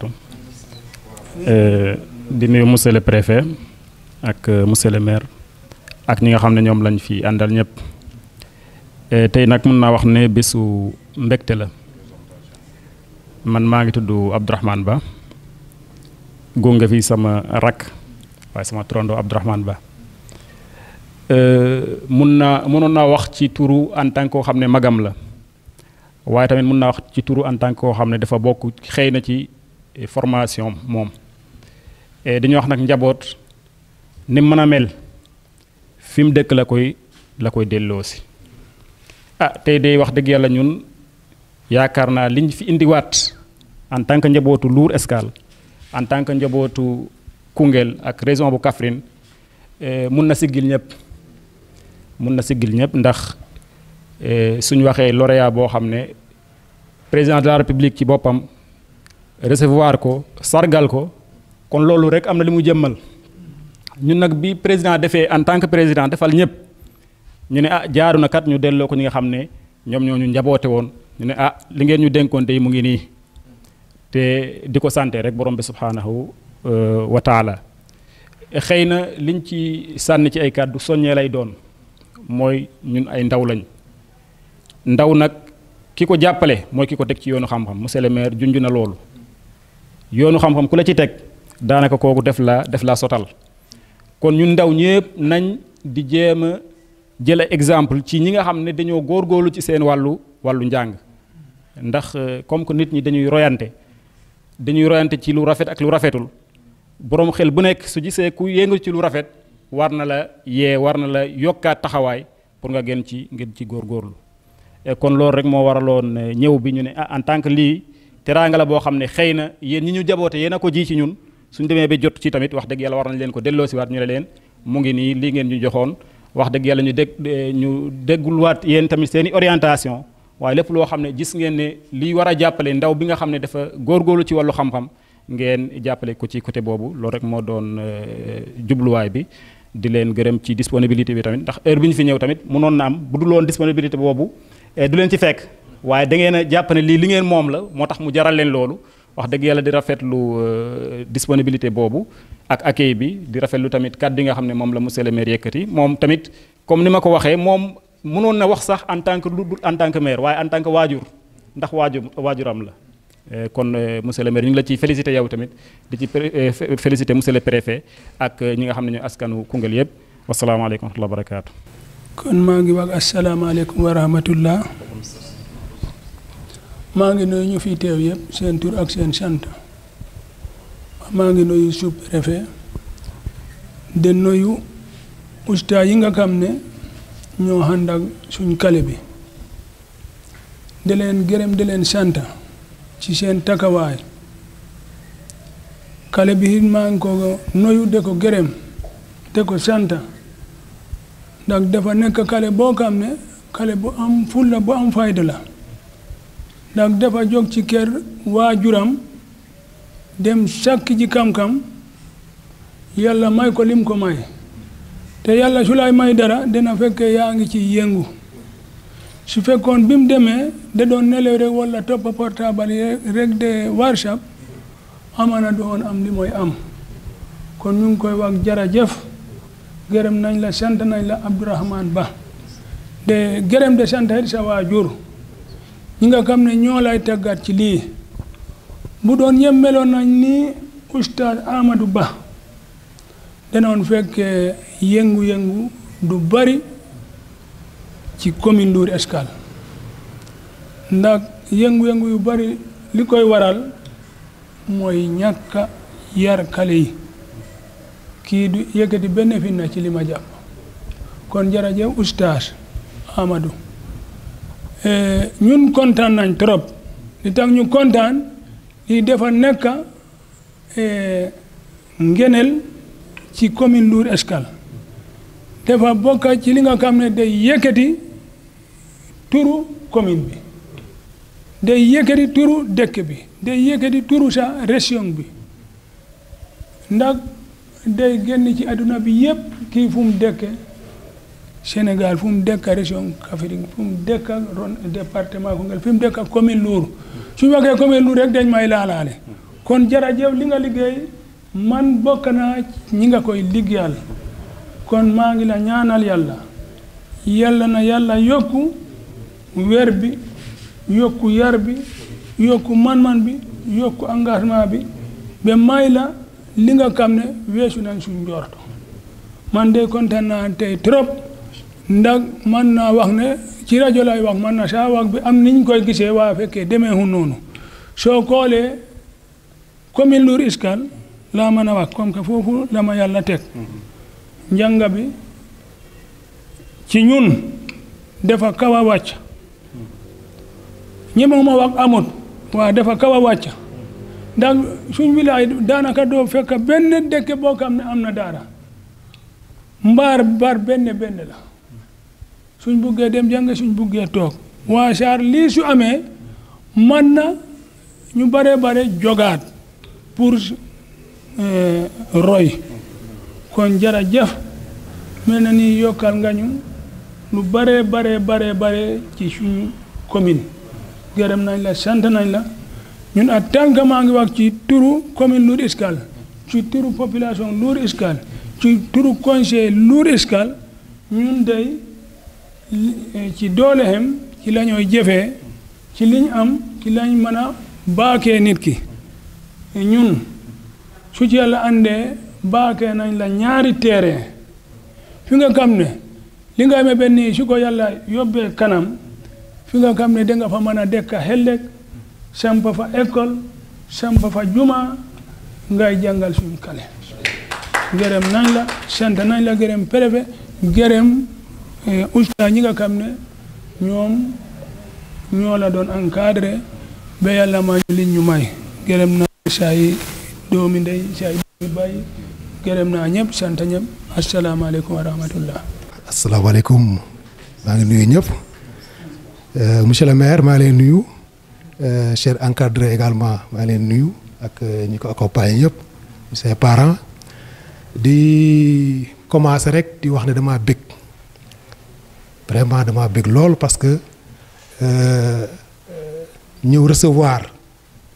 barakaatu euh, di nuyu monsieur le préfet ak euh, monsieur le maire ak ñi nga xam ne ñoom lañ fi àndal ñëpp euh, tey nag mun naa wax ne bésu mbégte la man maa ngi tudd Abdourahmane Ba gunge fi sama rakk waaye sama turandoo Abdourahmane Ba mun naa mënoon naa wax ci turu en tant koo xam ne magam la waaye tamit mun naa wax ci turu en tant koo xam ne dafa bokk xëy na ci formation moom dañu wax nag njaboot ni mën a mel fi mu dëkk la koy la koy delloosi ah tey day wax dëgg yàlla ñun yaakaar naa liñ fi indiwaat en tant que njabootu Lour Escale en tant que njabootu Koungheul ak région bu Kaffrine eh, mun na siggil ñëpp mun na siggil ñëpp ndax eh, suñ waxee lauréat boo xam ne président de la république ci boppam recevoir ko sargal ko kon loolu rek am na li mu jëmmal ñun nag bi président defee en tant que président defal ñëpp ñu ne ah jaaru na kat ñu delloo ko ñi nga xam ne ñoom ñoo ñu njaboote woon ñu ne ah li ngeen ñu dénkoon tey mu ngi nii te di ko sante rek borom bi subhaanahu euh, wa taala xëy na liñ ci sànni ci ay kàddu soññee lay doon mooy ñun ay ndaw lañ ndaw nag ki ko jàppale mooy ki ko teg ci yoonu xam-xam monsieur le maire junj na loolu yoonu xam-xam ku la ci teg daanaka kooku def la def la sotal kon ñun ndaw ñëpp nañ di jéem a jël exemple ci ñi nga xam ne dañoo góor góorlu ci seen wàllu wàllu njàng ndax euh, comme que nit ñi dañuy royante dañuy royante ci lu rafet ak lu rafetul boroom xel bu nekk su gisee ku yëngu ci lu rafet war na la yee war na la yokkaat taxawaay pour nga gën ci ngeen ci góor góorlu kon loolu rek moo waraloon euh, ñëw bi ñu ne ah en tant lii teraanga boo xam ne xëy na yéen ñi ñu jaboote yéen a ko ji ci ñun suñ demee bi jot ci tamit wax dëgg yàlla war nañ leen ko delloo si waat ñu ne leen mu ngi nii lii ngeen ñu joxoon wax dëgg yàlla ñu dégg ñu déggul waat yéen tamit seen i orientation waaye lépp loo xam ne gis ngeen ne li war a jàppale ndaw bi nga xam ne dafa góorgóorlu ci wàllu xam-xam ngeen jàppale ko ci côté boobu loolu rek moo doon euh, jubluwaay bi di leen gërëm ci disponibilité bi tamit ndax heure bi ñu fi ñëw tamit mënoon na am bu dul woon disponibilité boobu euh, du leen ci fekk waaye da ngeen a jàpp ne lii li ngeen moom la moo tax mu jaral leen loolu wax dëgg yàlla di rafetlu euh, disponibilité boobu ak accueil bi di rafetlu tamit kàddu yi nga xam ne moom la monsieur le maire yëkkati moom tamit comme ni ma ko waxee moom mënoon na wax sax en tant que lu en tant maire waaye en tant que waajur ndax waajur waajuram la. Euh, kon euh, monsieur le maire ñu ngi la ciy félicité yow tamit di ci félicité monsieur le préfet ak ñi nga xam ne ñu askanu Koungheul yëpp wasalaamaaleykum wa rahmatulah barakaatu. maa ngi nuyu ñu fi teew yëpp seen tur ak seen sant maa ngi noyu sous-préfet de nuyu usta yi nga xam ne ñoo ànd ak suñ kale bi di leen gërëm di leen sant ci seen takawaay kale bi it maa ngi ko noyu de ko gërëm de ko sant ndax dafa nekk kale boo xam ne kale bu am fulla bu am fayda la ndax defa jóg ci kër waajuram dem sàkk ji xam-xam yàlla may ko lim ko may te yàlla su lay may dara dina fekkee yaa ngi ci yëngu su fekkoon bi mu demee da doon nelew rek wala topp portable rek de workshop amaana doon am li mooy am kon ñu ngi koy wax jërëjëf gërëm nañ la sant nañ la Abdourahman Ba de gërëm de sant sa waajur ñi nga xam ne ñoo lay tàggat ci lii bu doon ñem meloon nañ ni ustaas Amadou Ba danoon fekkee yëngu-yëngu du bari ci commune Ndour Escale ndax yëngu-yëngu yu bari li koy waral mooy ñàkka yar xale yi kii du yëkkati benn fin na ci li ma jàpp kon jërëjëf ustaas Amadou Eh, ñun kontaan nañ trop li tax ñu kontaan lii dafa nekk eh, ngeneel ci commune Lour Escale dafa bokk ci li nga xam ne day yëkkati turu commune bi day yëkkati turu dëkk bi day yëkkati turu sa région bi ndax day génn ci adduna bi yëpp kii fu mu Sénégal fu mu dëkk région Kaffrine fu mu dëkk ron département Koungheul fu mu dëkk commune Lour suñu waxee commune Lour rek dañ may laalaale kon jërëjëf li nga liggéey man bokk naa ñi nga koy liggéeyal kon maa ngi la ñaanal yàlla yàlla na yàlla yokku weer bi yokku yar bi yokku man-man bi yokku engagement bi ba may la li nga xam ne weesu nañ suñ njorto man de kontaan naa tey trop ndax man naa wax ne ci rajo lay wax man na saa wax bi am niñ koy gisee waa fekkee demeehu noonu soo koolee commune Lour Escale laa mën a wax comme que foofu la ma yàlla teg njàng bi ci ñun dafa kaw a wàcc ñemewuma wax amut waa dafa kaw a wàcc ndax suñ wilaay daanaka doo fekk benn dëkk boo xam ne am na daara mbaar mbaar benn benn la suñ buggee dem jàng suñ buggee toog waa char lii su amee man na ñu bare bare jogaat pour eh, roy kon jara jëf mel na ni yokkal nga ñu lu bare bare bare bare ci suñu commune gërëm nañ la sant nañ la ñun ak tànk maa ngi wax ci turu commune Lour Escale ci turu population Lour Escale ci turu conseil Lour Escale ñun dey ci dooleem ci lañooy ñooy ci liñ am ci lañ mën a baakee nit ki ñun su ci yàlla àndee baake nañ la ñaari teere fi nga xam ne li nga amee benn su ko yàlla yóbbee kanam fi nga xam ne danga fa mën a dekk xellek samp fa école samp fa juma ngay jàngal suñu kale gërëm nañ la sant nañ la gërëm préfet gërëm Eh, usta ñi nga xam ne ñoom ñoo la doon encadré ba yàlla ma ñu liñ ñu may gërëm naa saay doomi ndey saay doomi bàyyi gërëm naa ñëpp sant ñëpp asalaamaaleykum wa maa ngi nuyu ñëpp eh, monsieur le maire maa leen nuyu eh, cher encadré également maa leen nuyu ak ñi ko accompagné ñëpp ses parents di commencer rek di wax ne dama bëgg vraiment dama bëgg loolu parce que euh, ñëw recevoir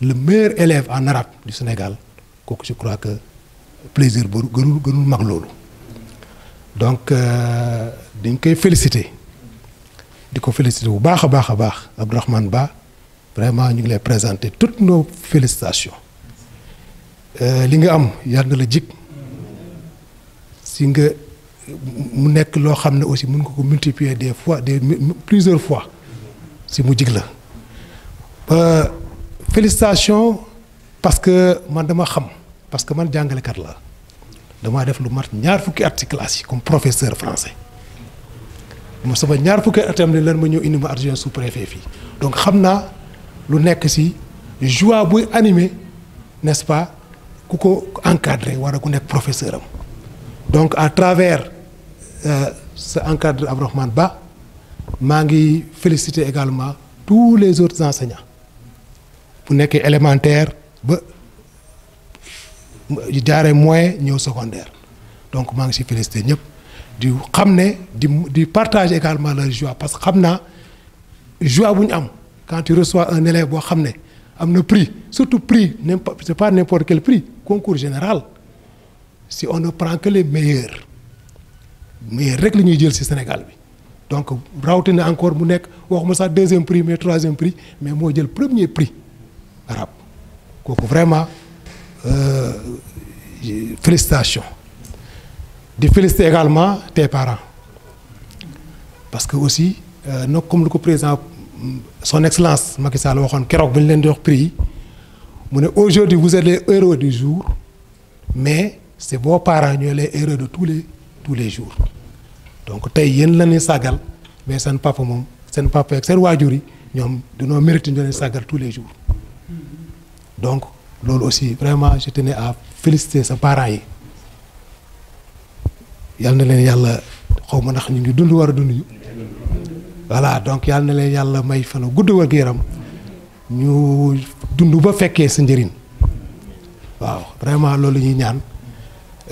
le meilleur élève en arabe du Sénégal kooku ci crois que plaisir bu gënul gënul mag loolu donc euh, dañ koy féliciter di ko féliciter bu baax a baax a baax Abdourahmane Ba vraiment ñu ngi lay présenter toutes nos félicitations euh, li nga am yàlla na la jig si nga. mu nekk loo xam ne aussi mun nga ko multiplier des fois des plusieurs fois si mu jig la félicitation parce que man dama xam parce que man jàngalekat la damaa def lu mat ñaar fukki at si classe yi comme professeur français mo sama ñaar fukki at am ne lan ma ñëw indi ma adjoint sous préfet fii donc xam naa lu nekk si joie buy animé n'est-ce pas ku ko encadré war a ku nekk professeur am donc à travers euh, ce encadre Abdourahmane Ba maa ngi féliciter également tous les autres enseignants bu nekkee élémentaire ba jaaree moyen ñëw secondaire donc maa ngi si féliciter ñëpp di xam ne di di partager également la joie parce que xam naa joie bu ñu am quand tu reçois un élève boo xam ne am na prix surtout prix n'importe c'est pas n'importe quel prix concours général si on ne prend que les meilleurs meilleurs rek la ñuy jël si Sénégal bi donc rawatina encore mu nekk waxuma sax deuxième prix mais troisième prix mais moo jël premier prix arabe kooku vraiment euh, félicitations di féliciter également tes parent parce que aussi euh, nag comme lu ko président son excellence Macky Sall waxoon keroog bu ñu leen di wax prix yi mu ne aujourd'hui vous êtes les du jour mais c'est vos parents ñooy les héros de tous les tous les jours donc tey yéen lañuy ñuy sàggal mais seen papa moom seen papa ak seen waajur yi ñoom dañoo mérité ñu leen sàggal tous les jours donc loolu aussi vraiment je tenais à féliciter sa parents yi yal na leen yàlla xaw ma ndax ñu ngi dund war a dund ñu voilà donc yàlla na leen yàlla may fan gudd wër yaram ñu dund ba fekkee sa njëriñ waaw vraiment loolu ñuy ñaan.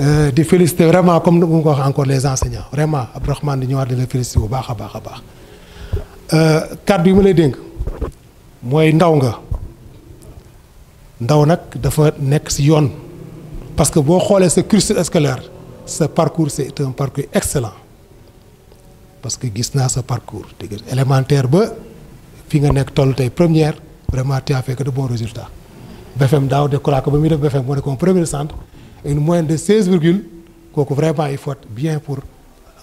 Euh, di féliciter vraiment comme ni mu ko wax encore les enseignants vraiment Abdourahmane di ñëwaat di la féliciter bu baax a baax a baax euh, kàddu yi ma lay dénk mooy ndaw nga ndaw nag dafa nekk ci yoon parce que boo xoolee sa cursus scolaire sa parcours c'est un parcours excellent parce que gis naa sa parcours te élémentaire ba fi nga nekk toll tey première vraiment tu as fait que de bons résultats daaw de ko ba muy def BFM moo nekkoon premier centre. et une moyenne de 16 virgule kooku vraiment il faut bien pour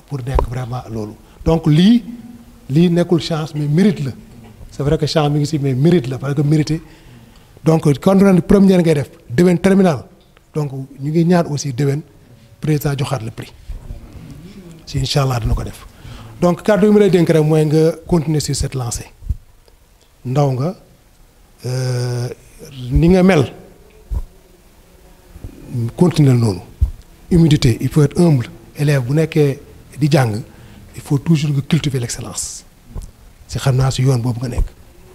pour nekk vraiment loolu donc lii lii nekkul chance mais mérite la c'est vrai que chance mi ngi si mais mérite la parce que mérité donc quand on première ngay def déwén terminal donc ñu ngi ñaan aussi déwén président joxaat le prix si incha allah dina ko def donc kàddu yi mu lay dénk rek mooy nga continuer sur cette lancée ndaw nga euh, ni nga mel. continuer noonu humilité il faut être humble élève bu nekkee di jàng il faut toujours nga cultiver l'excellence si xam naa si yoon boobu nga nekk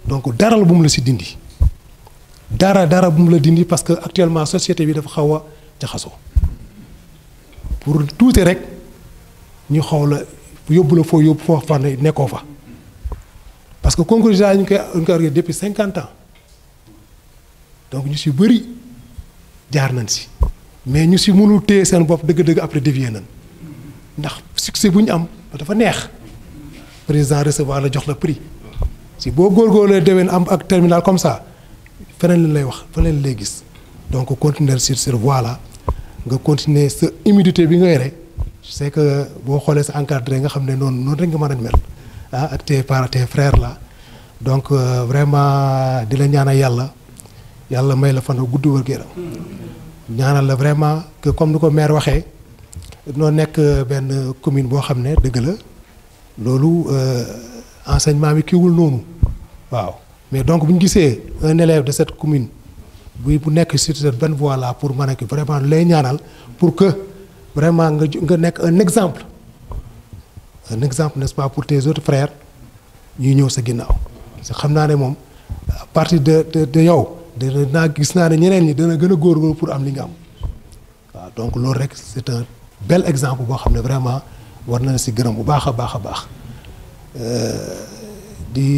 donc dara la bu mu la si dindi dara dara bu mu la dindi parce que actuellement société bi dafa xaw a jaxasoo pour tuuti rek ñu xaw la yóbbu la foo yóbbu foo xam ne nekkoo fa parce que concours yi ñu koy ñu depuis cinquante ans donc ñu si bëri. jaar nañ si mais ñu si mënul téye seen bopp dëgg-dëgg après dévier nañ ndax succès bu ñu am dafa neex président recevoir la jox la prix si boo góorgóorlee déwén am ak terminal comme ça feneen lañ lay wax feneen lay gis donc continuer sur sur voilà nga continuer sa humidité bi nga yore c'est que boo xoolee sa encadré nga xam ne noonu noonu rek nga mën a mel ah ak tes parents tes donc euh, vraiment di la ñaanal yàlla yàlla may la fan gudd wër ñaanal la vraiment que comme ni ko maire waxee noo nekk euh, benn commune boo xam ne dëgg la loolu euh, enseignement bi kiiwul noonu waaw mais donc bu ñu gisee un élève de cette commune bu bu nekk sur benn voilà pour mën a vraiment lay ñaanal pour que vraiment nga nga nekk un exemple un exemple n'est-ce pas pour tes autres fraires ñuy ñëw sa ginnaaw parce que xam naa ne moom à partir de de yow. dana naa gis naa ne ñeneen ñi dana gën a góorgóorlu pour am li nga am waaw donc loolu rek c'est un bel exemple boo xam ne vraiment war na si gërëm bu baax a baax a baax euh, di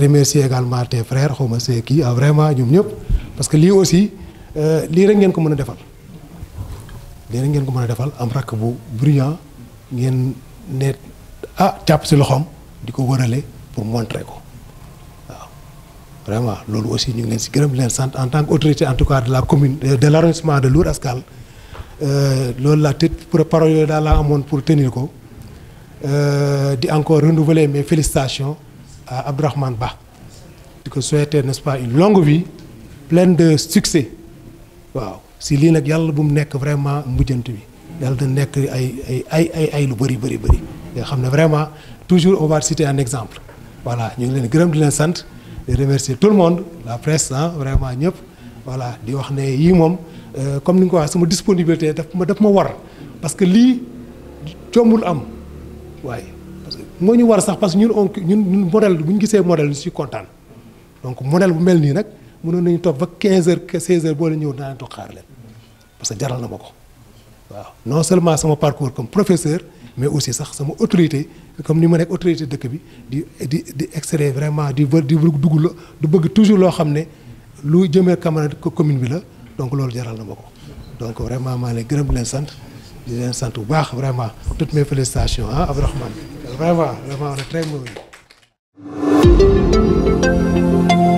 remercier également tes frères xaw ma c'est kii a ah, vraiment ñoom ñëpp parce que lii aussi euh, lii rek ngeen ko mën a defal lii rek ngeen ko mën a defal am rakk bu brillant ngeen ne ah càpp si loxoom di ko wërale pour montrer ko. vraiment loolu aussi ñu ngi leen si gërëm leen sant en tant que autorité en tout cas de la commune euh, de l' arrondissement de Lour Escale euh, loolu la tête pour parole yooyu daal laa amoon pour tenir ko euh, di encore renouveler mais félicitations à Abdourahmane Ba di ko souhaiter n'est-ce pas une longue vie pleine de succès waaw si lii nag yàlla bu mu nekk vraiment mbujjant bi yàlla da nekk ay ay ay ay ay lu bëri bëri bëri nga xam ne vraiment toujours au va citer un exemple voilà ñu ngi leen gërëm di leen sant di remercier tout le monde la presse ah vraiment ñëpp voilà di wax ne yii moom euh, comme ni nga ko waxee sama disponibilité daf ma daf ma war parce que lii jombul am waaye parce que moo ñu war sax parce que ñun on ñun ñun modèle bu ñu gisee modèle ñu si kontaan donc modèle bu mel nii nag mënoon nañu toog ba 15 heures que 16 heures boo leen ñëw dinaa leen toog xaar leen parce que jaral na ma ko waaw non seulement sama parcours comme professeur mais aussi sax sama autorité comme ni ma nekk autorité dëkk bi di di di exceller vraiment di di dugg la du bëgg toujours loo xam ne lu jëmee Camara commune bi la donc loolu jaral na ma ko donc vraiment maa leen gërëm di leen sant di leen sant bu baax vraiment toutes mes félicitations ah Abdourahmane vraiment vraiment on est très